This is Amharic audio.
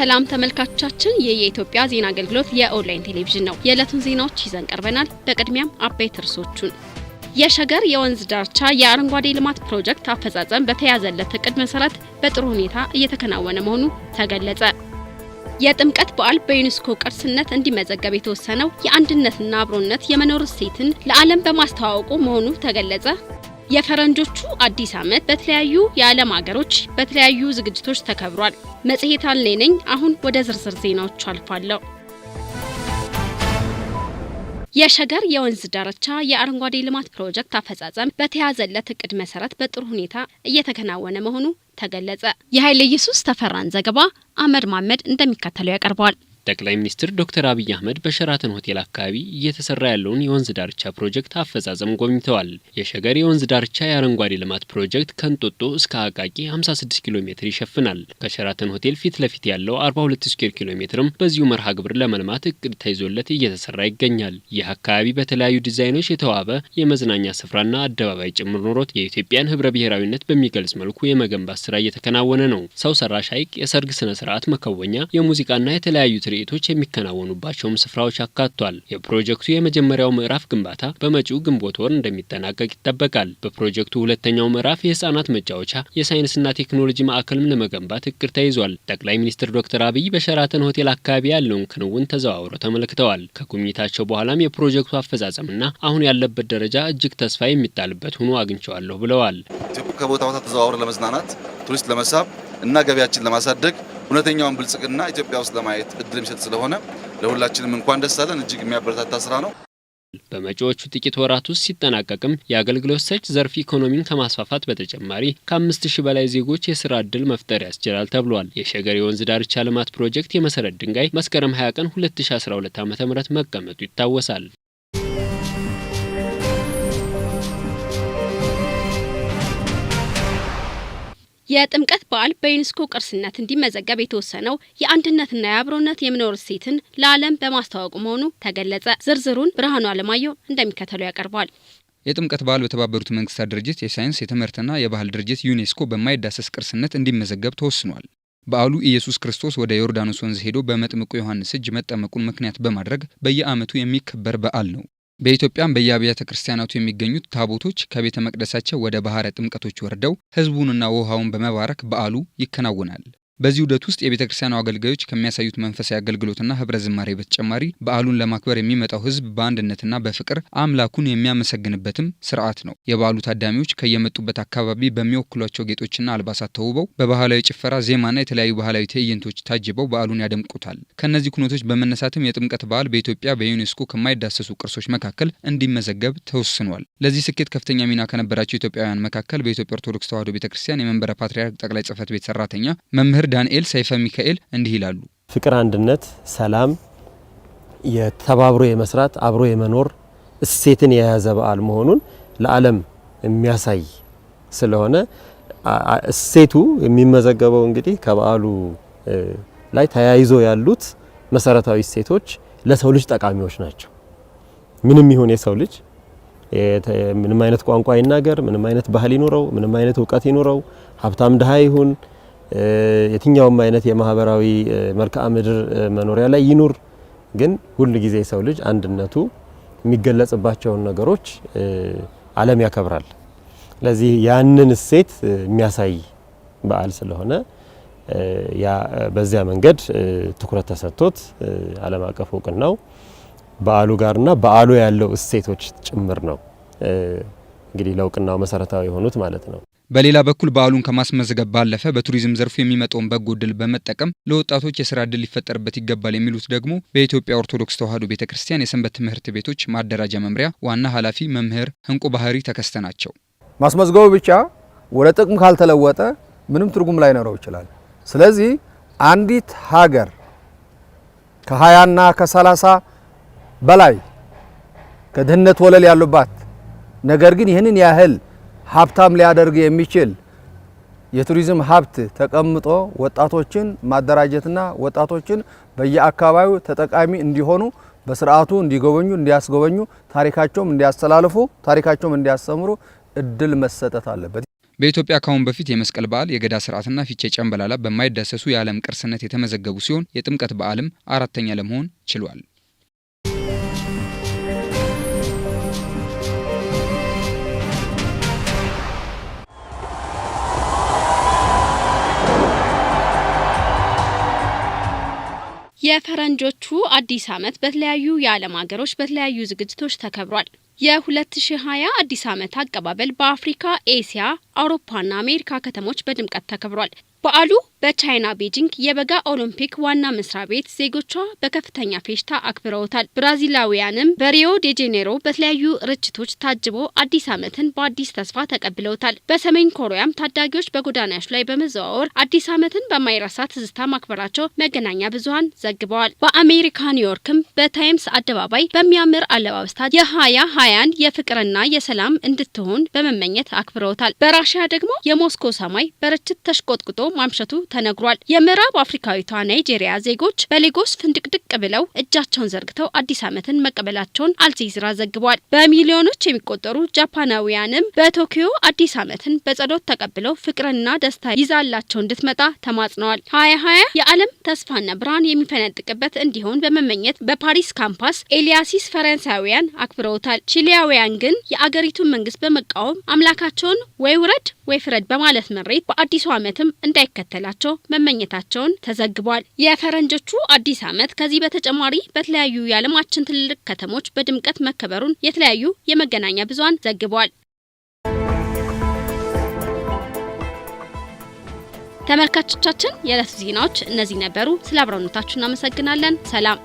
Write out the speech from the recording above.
ሰላም ተመልካቾቻችን፣ ይህ የኢትዮጵያ ዜና አገልግሎት የኦንላይን ቴሌቪዥን ነው። የዕለቱን ዜናዎች ይዘን ቀርበናል። በቅድሚያም አበይት ርዕሶቹን የሸገር የወንዝ ዳርቻ የአረንጓዴ ልማት ፕሮጀክት አፈጻጸም በተያዘለት እቅድ መሰረት በጥሩ ሁኔታ እየተከናወነ መሆኑ ተገለጸ። የጥምቀት በዓል በዩኔስኮ ቅርስነት እንዲመዘገብ የተወሰነው የአንድነትና አብሮነት የመኖር እሴትን ለዓለም በማስተዋወቁ መሆኑ ተገለጸ። የፈረንጆቹ አዲስ ዓመት በተለያዩ የዓለም ሀገሮች በተለያዩ ዝግጅቶች ተከብሯል። መጽሔት አልኔ ነኝ። አሁን ወደ ዝርዝር ዜናዎቹ አልፋለሁ። የሸገር የወንዝ ዳርቻ የአረንጓዴ ልማት ፕሮጀክት አፈጻጸም በተያዘለት እቅድ መሰረት በጥሩ ሁኔታ እየተከናወነ መሆኑ ተገለጸ። የኃይለ ኢየሱስ ተፈራን ዘገባ አህመድ ማመድ እንደሚከተለው ያቀርበዋል። ጠቅላይ ሚኒስትር ዶክተር አብይ አህመድ በሸራተን ሆቴል አካባቢ እየተሰራ ያለውን የወንዝ ዳርቻ ፕሮጀክት አፈጻጸም ጎብኝተዋል። የሸገር የወንዝ ዳርቻ የአረንጓዴ ልማት ፕሮጀክት ከንጦጦ እስከ አቃቂ 56 ኪሎ ሜትር ይሸፍናል። ከሸራተን ሆቴል ፊት ለፊት ያለው 42 ስኩዌር ኪሎ ሜትርም በዚሁ መርሃ ግብር ለመልማት እቅድ ተይዞለት እየተሰራ ይገኛል። ይህ አካባቢ በተለያዩ ዲዛይኖች የተዋበ የመዝናኛ ስፍራና አደባባይ ጭምር ኖሮት የኢትዮጵያን ህብረ ብሔራዊነት በሚገልጽ መልኩ የመገንባት ስራ እየተከናወነ ነው። ሰው ሰራሽ ሐይቅ የሰርግ ስነ ስርዓት መከወኛ፣ የሙዚቃና የተለያዩ ትርኢቶች የሚከናወኑባቸውም ስፍራዎች አካቷል። የፕሮጀክቱ የመጀመሪያው ምዕራፍ ግንባታ በመጪው ግንቦት ወር እንደሚጠናቀቅ ይጠበቃል። በፕሮጀክቱ ሁለተኛው ምዕራፍ የህፃናት መጫወቻ፣ የሳይንስና ቴክኖሎጂ ማዕከልም ለመገንባት እቅድ ተይዟል። ጠቅላይ ሚኒስትር ዶክተር አብይ በሸራተን ሆቴል አካባቢ ያለውን ክንውን ተዘዋውረው ተመልክተዋል። ከጉብኝታቸው በኋላም የፕሮጀክቱ አፈጻጸምና አሁን ያለበት ደረጃ እጅግ ተስፋ የሚጣልበት ሆኖ አግኝቸዋለሁ ብለዋል። ከቦታ ቦታ ተዘዋውረ ለመዝናናት ቱሪስት ለመሳብ እና ገበያችን ለማሳደግ እውነተኛውን ብልጽግና ኢትዮጵያ ውስጥ ለማየት እድል የሚሰጥ ስለሆነ ለሁላችንም እንኳን ደስ አለን። እጅግ የሚያበረታታ ስራ ነው። በመጪዎቹ ጥቂት ወራት ውስጥ ሲጠናቀቅም የአገልግሎት ሰጭ ዘርፍ ኢኮኖሚን ከማስፋፋት በተጨማሪ ከአምስት ሺህ በላይ ዜጎች የስራ እድል መፍጠር ያስችላል ተብሏል። የሸገር የወንዝ ዳርቻ ልማት ፕሮጀክት የመሰረት ድንጋይ መስከረም 20 ቀን 2012 ም መቀመጡ ይታወሳል። የጥምቀት በዓል በዩኔስኮ ቅርስነት እንዲመዘገብ የተወሰነው የአንድነትና የአብሮነት የመኖር እሴትን ለዓለም በማስተዋወቅ መሆኑ ተገለጸ። ዝርዝሩን ብርሃኑ አለማየሁ እንደሚከተለው ያቀርባል። የጥምቀት በዓል በተባበሩት መንግስታት ድርጅት የሳይንስ የትምህርትና የባህል ድርጅት ዩኔስኮ በማይዳሰስ ቅርስነት እንዲመዘገብ ተወስኗል። በዓሉ ኢየሱስ ክርስቶስ ወደ ዮርዳኖስ ወንዝ ሄዶ በመጥምቁ ዮሐንስ እጅ መጠመቁን ምክንያት በማድረግ በየዓመቱ የሚከበር በዓል ነው። በኢትዮጵያም በየአብያተ ክርስቲያናቱ የሚገኙት ታቦቶች ከቤተ መቅደሳቸው ወደ ባህረ ጥምቀቶች ወርደው ህዝቡንና ውሃውን በመባረክ በዓሉ ይከናወናል። በዚህ ውደት ውስጥ የቤተ ክርስቲያኑ አገልጋዮች ከሚያሳዩት መንፈሳዊ አገልግሎትና ህብረ ዝማሬ በተጨማሪ በዓሉን ለማክበር የሚመጣው ህዝብ በአንድነትና በፍቅር አምላኩን የሚያመሰግንበትም ስርዓት ነው። የበዓሉ ታዳሚዎች ከየመጡበት አካባቢ በሚወክሏቸው ጌጦችና አልባሳት ተውበው በባህላዊ ጭፈራ፣ ዜማና የተለያዩ ባህላዊ ትዕይንቶች ታጅበው በዓሉን ያደምቁታል። ከእነዚህ ኩነቶች በመነሳትም የጥምቀት በዓል በኢትዮጵያ በዩኔስኮ ከማይዳሰሱ ቅርሶች መካከል እንዲመዘገብ ተወስኗል። ለዚህ ስኬት ከፍተኛ ሚና ከነበራቸው ኢትዮጵያውያን መካከል በኢትዮጵያ ኦርቶዶክስ ተዋሕዶ ቤተ ክርስቲያን የመንበረ ፓትርያርክ ጠቅላይ ጽህፈት ቤት ሰራተኛ መምህር ዳንኤል ሰይፈ ሚካኤል እንዲህ ይላሉ። ፍቅር፣ አንድነት፣ ሰላም፣ የተባብሮ የመስራት አብሮ የመኖር እሴትን የያዘ በዓል መሆኑን ለዓለም የሚያሳይ ስለሆነ እሴቱ የሚመዘገበው እንግዲህ ከበዓሉ ላይ ተያይዞ ያሉት መሰረታዊ እሴቶች ለሰው ልጅ ጠቃሚዎች ናቸው። ምንም ይሁን የሰው ልጅ ምንም አይነት ቋንቋ ይናገር፣ ምንም አይነት ባህል ይኑረው፣ ምንም አይነት እውቀት ይኑረው፣ ሀብታም ድሃ ይሁን፣ የትኛውም አይነት የማህበራዊ መልክዓ ምድር መኖሪያ ላይ ይኑር፣ ግን ሁል ጊዜ የሰው ልጅ አንድነቱ የሚገለጽባቸውን ነገሮች ዓለም ያከብራል። ስለዚህ ያንን እሴት የሚያሳይ በዓል ስለሆነ በዚያ መንገድ ትኩረት ተሰጥቶት ዓለም አቀፍ እውቅናው በዓሉ ጋርና በዓሉ ያለው እሴቶች ጭምር ነው እንግዲህ ለእውቅናው መሰረታዊ የሆኑት ማለት ነው። በሌላ በኩል በዓሉን ከማስመዝገብ ባለፈ በቱሪዝም ዘርፉ የሚመጣውን በጎ እድል በመጠቀም ለወጣቶች የስራ እድል ሊፈጠርበት ይገባል የሚሉት ደግሞ በኢትዮጵያ ኦርቶዶክስ ተዋሕዶ ቤተ ክርስቲያን የሰንበት ትምህርት ቤቶች ማደራጃ መምሪያ ዋና ኃላፊ መምህር ህንቁ ባህሪ ተከስተ ናቸው። ማስመዝገቡ ብቻ ወደ ጥቅም ካልተለወጠ ምንም ትርጉም ላይኖረው ይችላል። ስለዚህ አንዲት ሀገር ከሀያና ከሰላሳ በላይ ከድህነት ወለል ያሉባት ነገር ግን ይህንን ያህል ሀብታም ሊያደርግ የሚችል የቱሪዝም ሀብት ተቀምጦ ወጣቶችን ማደራጀትና ወጣቶችን በየአካባቢው ተጠቃሚ እንዲሆኑ በስርዓቱ እንዲጎበኙ፣ እንዲያስጎበኙ፣ ታሪካቸውም እንዲያስተላልፉ፣ ታሪካቸውም እንዲያስተምሩ እድል መሰጠት አለበት። በኢትዮጵያ ካሁን በፊት የመስቀል በዓል የገዳ ስርዓትና ፊቼ ጨንበላላ በማይዳሰሱ የዓለም ቅርስነት የተመዘገቡ ሲሆን የጥምቀት በዓልም አራተኛ ለመሆን ችሏል። የፈረንጆቹ አዲስ ዓመት በተለያዩ የዓለም ሀገሮች በተለያዩ ዝግጅቶች ተከብሯል። የ2020 አዲስ ዓመት አቀባበል በአፍሪካ፣ ኤስያ፣ አውሮፓና አሜሪካ ከተሞች በድምቀት ተከብሯል። በዓሉ በቻይና ቤጂንግ የበጋ ኦሎምፒክ ዋና መስሪያ ቤት ዜጎቿ በከፍተኛ ፌሽታ አክብረውታል። ብራዚላውያንም በሪዮ ዴ ጄኔሮ በተለያዩ ርችቶች ታጅቦ አዲስ ዓመትን በአዲስ ተስፋ ተቀብለውታል። በሰሜን ኮሪያም ታዳጊዎች በጎዳናዎች ላይ በመዘዋወር አዲስ ዓመትን በማይረሳ ትዝታ ማክበራቸው መገናኛ ብዙሃን ዘግበዋል። በአሜሪካ ኒውዮርክም በታይምስ አደባባይ በሚያምር አለባበስታት የሀያ ሀያ ሀያን የፍቅርና የሰላም እንድትሆን በመመኘት አክብረውታል። በራሽያ ደግሞ የሞስኮ ሰማይ በርችት ተሽቆጥቁጦ ማምሸቱ ተነግሯል። የምዕራብ አፍሪካዊቷ ናይጄሪያ ዜጎች በሌጎስ ፍንድቅድቅ ብለው እጃቸውን ዘርግተው አዲስ ዓመትን መቀበላቸውን አልጀዚራ ዘግቧል። በሚሊዮኖች የሚቆጠሩ ጃፓናውያንም በቶኪዮ አዲስ ዓመትን በጸሎት ተቀብለው ፍቅርና ደስታ ይዛላቸው እንድትመጣ ተማጽነዋል። ሀያ ሀያ የዓለም ተስፋና ብርሃን የሚፈነጥቅበት እንዲሆን በመመኘት በፓሪስ ካምፓስ ኤሊያሲስ ፈረንሳያውያን አክብረውታል። ቺሊያውያን ግን የአገሪቱን መንግስት በመቃወም አምላካቸውን ወይ ውረድ ወይ ፍረድ በማለት መሬት በአዲሱ ዓመትም እንዳይከተላቸው መመኘታቸውን ተዘግቧል። የፈረንጆቹ አዲስ ዓመት ከዚህ በተጨማሪ በተለያዩ የዓለማችን ትልልቅ ከተሞች በድምቀት መከበሩን የተለያዩ የመገናኛ ብዙሃን ዘግቧል። ተመልካቾቻችን የዕለቱ ዜናዎች እነዚህ ነበሩ። ስለ አብሮነታችሁ እናመሰግናለን። ሰላም